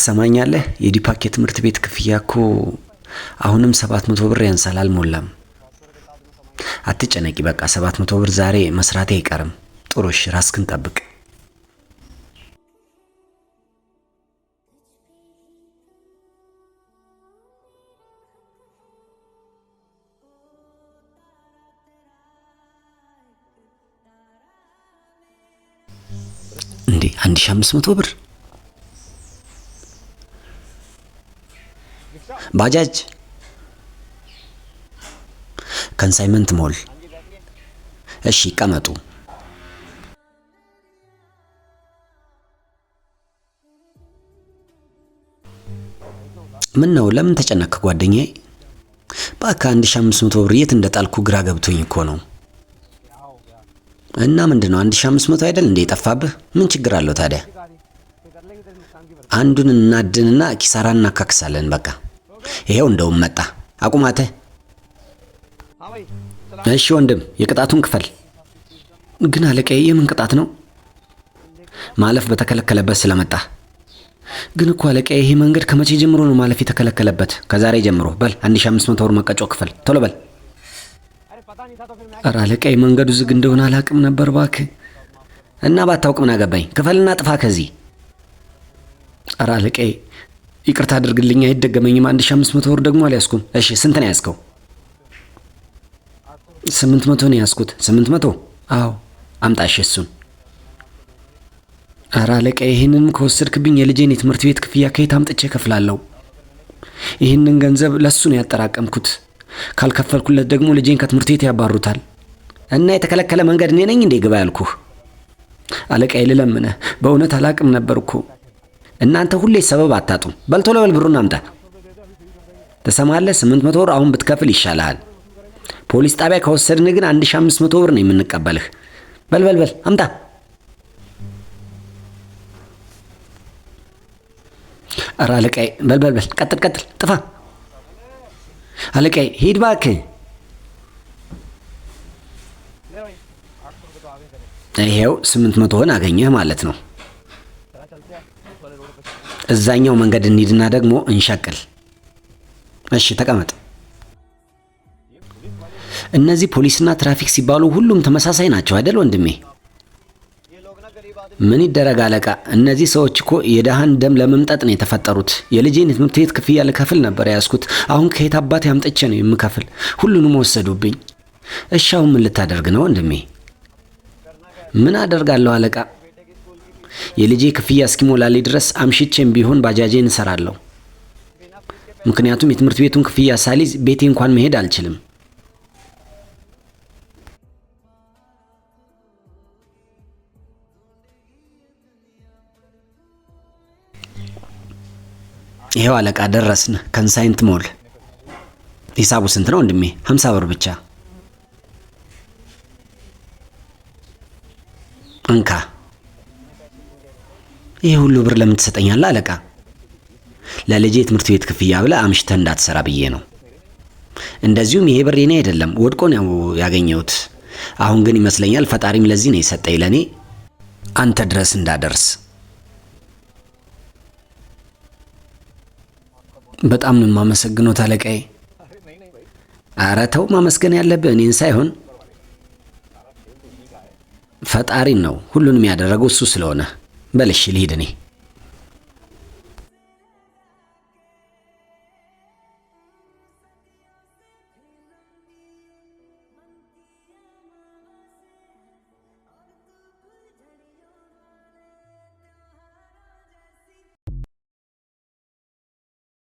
ትሰማኛለህ? የዲፓክ የትምህርት ቤት ክፍያ እኮ አሁንም ሰባት መቶ ብር ያንሳል፣ አልሞላም። አትጨነቂ፣ በቃ ሰባት መቶ ብር ዛሬ መስራቴ አይቀርም። ጥሩ ራስክን ጠብቅ። እንዴ አንድ አምስት መቶ ብር ባጃጅ፣ ከንሳይመንት ሞል። እሺ ቀመጡ። ምን ነው ለምን ተጨነክ ጓደኛዬ? በአካ 1500 ብር የት እንደጣልኩ ግራ ገብቶኝ እኮ ነው። እና ምንድነው 1500 አይደል እንደ የጠፋብህ? ምን ችግር አለው ታዲያ? አንዱን እናድንና ኪሳራ እናካክሳለን በቃ። ይሄው እንደውም መጣ። አቁማተ እሺ ወንድም የቅጣቱን ክፈል። ግን አለቃዬ የምን ቅጣት ነው? ማለፍ በተከለከለበት ስለመጣ ግን እኮ አለቃዬ ይሄ መንገድ ከመቼ ጀምሮ ነው ማለፍ የተከለከለበት? ከዛሬ ጀምሮ በል 1500 ብር መቀጮ ክፈል፣ ቶሎ በል። ኧረ አለቃዬ መንገዱ ዝግ እንደሆነ አላቅም ነበር ባክ። እና ባታውቅ ምን አገባኝ? ክፈልና ጥፋ ከዚህ። ኧረ አለቃዬ ይቅርታ አድርግልኝ፣ አይደገመኝም። ሺ መቶ ብር ደግሞ አልያዝኩም። እሺ ስንት ነው ያዝከው? መቶ ነው ያዝኩት። መቶ አዎ፣ አምጣሽ እሱን። ኧረ አለቃ፣ ይህንን ከወሰድክብኝ የልጄን የትምህርት ቤት ክፍያ ከየት አምጥቼ ከፍላለሁ? ይህንን ገንዘብ ለሱ ነው ያጠራቀምኩት። ካልከፈልኩለት ደግሞ ልጄን ከትምህርት ቤት ያባሩታል። እና የተከለከለ መንገድ እኔ ነኝ እንዴ ግባ ያልኩህ? አለቃ፣ ልለምነህ በእውነት አላቅም ነበርኩ? እናንተ ሁሌ ሰበብ አታጡም። በልቶ ለበል ብሩን አምጣ። ተሰማለ ስምንት መቶ ብር አሁን ብትከፍል ይሻልሃል። ፖሊስ ጣቢያ ከወሰድን ግን 1500 መቶ ብር ነው የምንቀበልህ። በልበልበል አምጣ። ኧረ አለቃዬ፣ በልበልበል ቀጥል ቀጥል፣ ጥፋ። አለቃዬ ሂድ እባክህ። ይሄው ስምንት ሆን አገኘህ ማለት ነው። እዛኛው መንገድ እንሂድና ደግሞ እንሸቅል። እሺ ተቀመጥ። እነዚህ ፖሊስና ትራፊክ ሲባሉ ሁሉም ተመሳሳይ ናቸው አይደል ወንድሜ? ምን ይደረግ አለቃ፣ እነዚህ ሰዎች እኮ የደሃን ደም ለመምጠጥ ነው የተፈጠሩት። የልጄን ትምህርት ቤት ክፍያ ልከፍል ነበር ያዝኩት። አሁን ከየት አባት ያምጥቼ ነው የምከፍል? ሁሉንም ወሰዱብኝ። እሻው ምን ልታደርግ ነው ወንድሜ? ምን አደርጋለሁ አለቃ የልጄ ክፍያ እስኪሞላልኝ ድረስ አምሽቼም ቢሆን ባጃጄን እሰራለሁ። ምክንያቱም የትምህርት ቤቱን ክፍያ ሳሊዝ ቤቴ እንኳን መሄድ አልችልም። ይሄው አለቃ ደረስን። ከንሳይንት ሞል ሂሳቡ ስንት ነው ወንድሜ? ሀምሳ ብር ብቻ ይህ ሁሉ ብር ለምን ትሰጠኛለህ አለቃ? ለልጄ የትምህርት ቤት ክፍያ ብለ አምሽተ እንዳትሰራ ብዬ ነው። እንደዚሁም ይሄ ብር የኔ አይደለም፣ ወድቆ ነው ያገኘሁት። አሁን ግን ይመስለኛል ፈጣሪም ለዚህ ነው የሰጠኝ ለእኔ አንተ ድረስ እንዳደርስ። በጣም ነው የማመሰግነው አለቃዬ። ኧረ ተው፣ ማመስገን ያለብህ እኔን ሳይሆን ፈጣሪን ነው። ሁሉንም ያደረገው እሱ ስለሆነ በልሽ ልሂድ እኔ